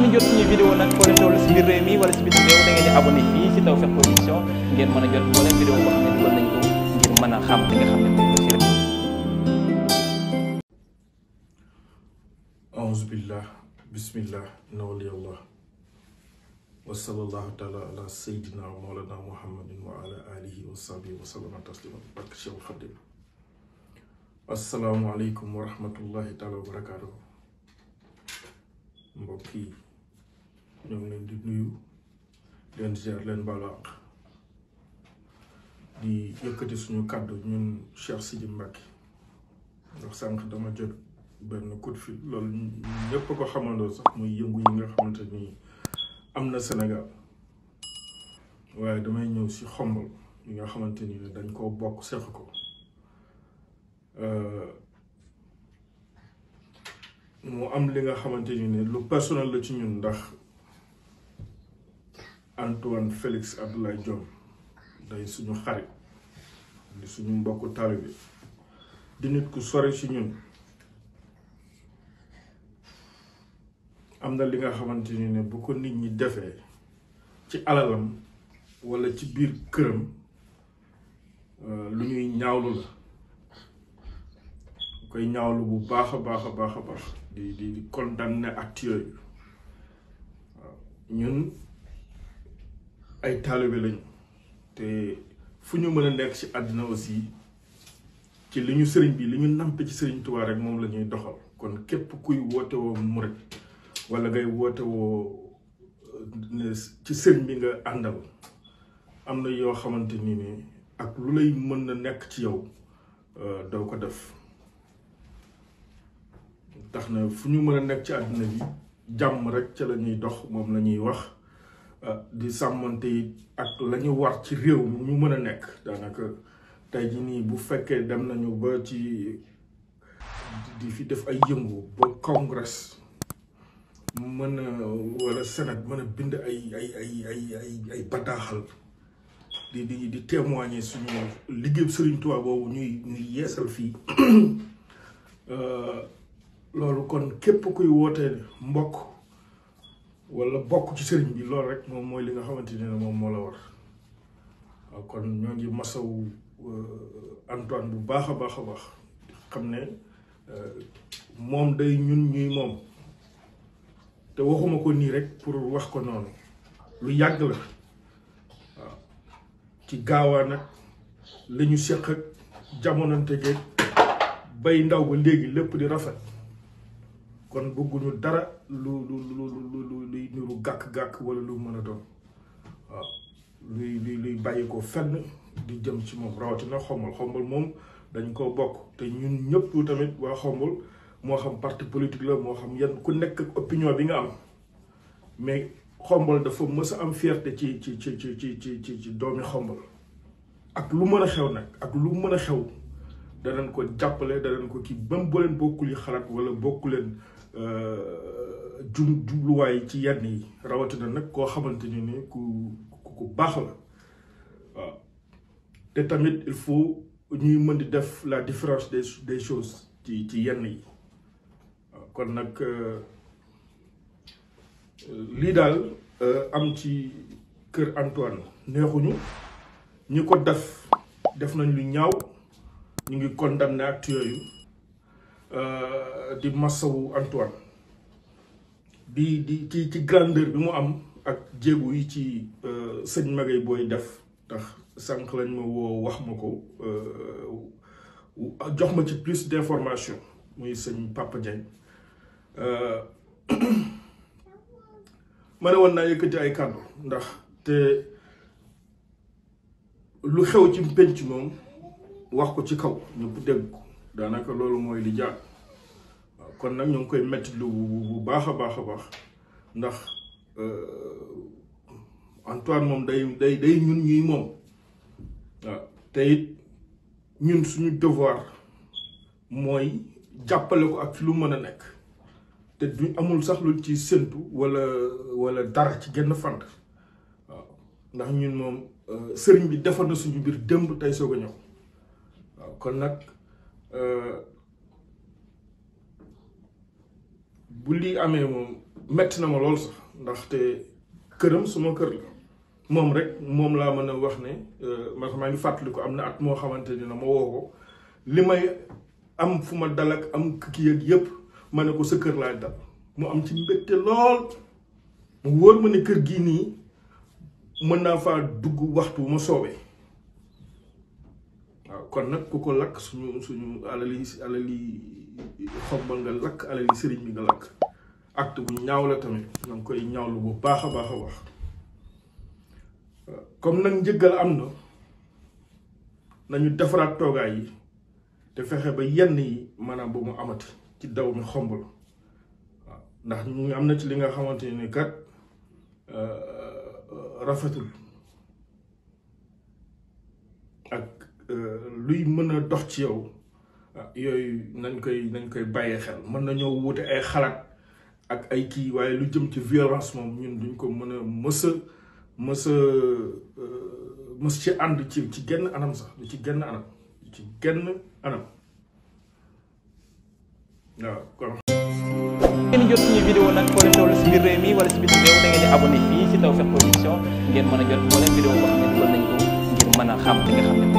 ngeen jot suñu vidéo nag foo leen toll si biir réew mi wala si biti réew da ngeen di abonné fii si Tawfekh Production ngeen mën a jot moo leen vidéo boo xam ne dugal nañ ko ngir mën a xam li nga xam ne moom la rek. aouzu billah bismillah na wali allah wa sallallahu taala ala sayyidina wa mawlana muhammadin wa ala alihi wa sahbihi wa sallama taslima barke Cheikhul Khadim assalaamu aleykum wa rahmatullahi taala wa barakaatuhu mbokk yi ñoo ngi leen di nuyu leen ziar leen baalu àq yëkkati suñu kàddu ñun Cheikh Sidi Mbacke ndax sànq dama jot benn coup de fil loolu ñëpp ko xamandoo sax muy yëngu yi nga xamante ni am na Sénégal waaye damay ñëw si xombal yi nga xamante ni dañ koo bokk seq ko euh, mu am li nga xamante ni ne lu personnel la ci ñun ndax Antoine Félix Abdoulaye Diome day suñu xarit suñu mbokku taalibe di nit ku sore si ñun am na li nga xamante ni ne bu ko nit ñi defee ci alalam walla ci biir këram euh, lu ñuy ñaawlu la koy ñaawlu bu baax a baax a baax a baax di di di condamné acte yooyu waaw ñun ay taalibe lañu te fu ñu mën a nekk ci àddina aussi ci li ñu sëriñ bi li ñu nampe ci sëriñ Tuubaa rek moom la ñuy doxal kon képp kuy woote woo murit wala ngay wootewoo woo ci sëriñ bi nga àndal am na yoo xamante ni ni ak lu lay mën na nekk ci yow euh, doo ko def tax na fu ñu mën a nekk ci àddina bi jàmm rek ca la ñuy dox moom la ñuy wax Euh, di sàmmante yi ak la war ci réew ñu mën a nekk daanaka tey jii nii bu fekkee dem nañu ba ci di fi def ay yëngu ba congrès mën a wala sénat mën a bind ay ay ay ay ay ay bataaxal di di di témoigner suñu liggéey Serigne Touba boobu ñuy ñuy yeesal fii euh, loolu kon képp kuy woote mbokk wala bokk ci sëriñ bi loolu rek moom mooy li nga xamante ne moom moo la war kon ñoo ngi masaw euh, Antoine bu baax a baax a baax xam ne euh, moom day ñun ñuy moom te waxuma ko nii rek pour wax ko noonu lu yàgg la waaw ci gaawaa nag li ñu seq ak bay ndaw ba léegi lépp di rafet kon bëgguñu dara lu lu lu lu lu gàkk-gàkk wala lu mën a doon waaw luy luy bàyyi ko fenn di jëm ci moom rawatina xombal xombal moom dañ koo bokk te ñun ñëpp tamit waa xombal moo xam parti politique la moo xam yan ku nekk opinion bi nga am mais xombal dafa mës a am fierté ci ci ci ci ci ci ci doomi xombal ak lu mën a xew nag ak lu mën a xew danan ko jàppale danañ ko kii bam bu leen bokkul yi xalaat wala bokku leen Euh, jum jubluwaay ci yenn yi rawatina nag koo xamante ni ku ku baax la waaw te tamit il faut ñuy mën di def la différence des des ci ci yenn yi kon nag euh, euh, lii daal am ci kër Antoine neexuñu ñu ko def def nañ lu ñaaw ñu ngi condamné ak yooyu Euh, di massawu Antoine bi di ci ci grandeur bi mu am ak jéegu yi ci euh, sëñ magay booy def ndax sànq lañ ma woo wax ma ko euh, jox ma ci plus d'information muy sëñ Papa Diagne ma ne woon naa yëkkati ay kàddu ndax te lu xew ci pénc moom wax ko ci kaw ñëpp dégg ko daanaka loolu mooy li jaar waaw kon nag ñu ngi koy métti lu bu baax a baax a baax ndax euh, Antoine moom day day day ñun ñuy moom waaw te ñun suñu devoir mooy jàppale ko ak fi lu mën a nekk te duñ amul sax ci séntu walla walla dara ci genn fànn waaw ndax ñun moom euh, sëriñ bi defar na suñu mbir démb tey soog a ñëw waaw kon nag. Euh, bu lii amee moom metti na ma lool sax ndaxte këram suma kër la moom rek moom laa mën a wax ne euh, man maa ngi fàttaliku am na at moo xamante ni na ma woo ko li may am fu ma dal ak am kii ak yëpp ma ne ko sa kër laay dal mu am ci mbégte lool mu wóor ma ne kër gii nii mën naa faa dugg waxtu ma soobee. waaw kon nag ku ko lakk suñu suñu alali alali xobbal nga lakk alali sëriñ bi nga lakk acte bu ñaaw la tamit nga koy ñaawlu bu baax a baax a baax comme nag njëggal am na nañu defaraat toogaay yi te fexe ba yenn yi maanaam bu mu amati ci daw mi xombal waaw ndax ñu am na ci li nga xamante ni kat euh, rafetul luy mën a dox ci yow ah, yooyu nañ koy nañ koy bàyyee xel mën nañoo wuute ay xalaat ak ay kii waaye lu jëm ci violence moom ñun duñ ko mën a mës mës a euh, mës ci ànd ci ci genn anam sax du ci genn anam ci genn anam waaw kon ngeen jot suñu vidéo nag foo leen si biir réew mi ngeen mën a jot moo mën a xam li nga xam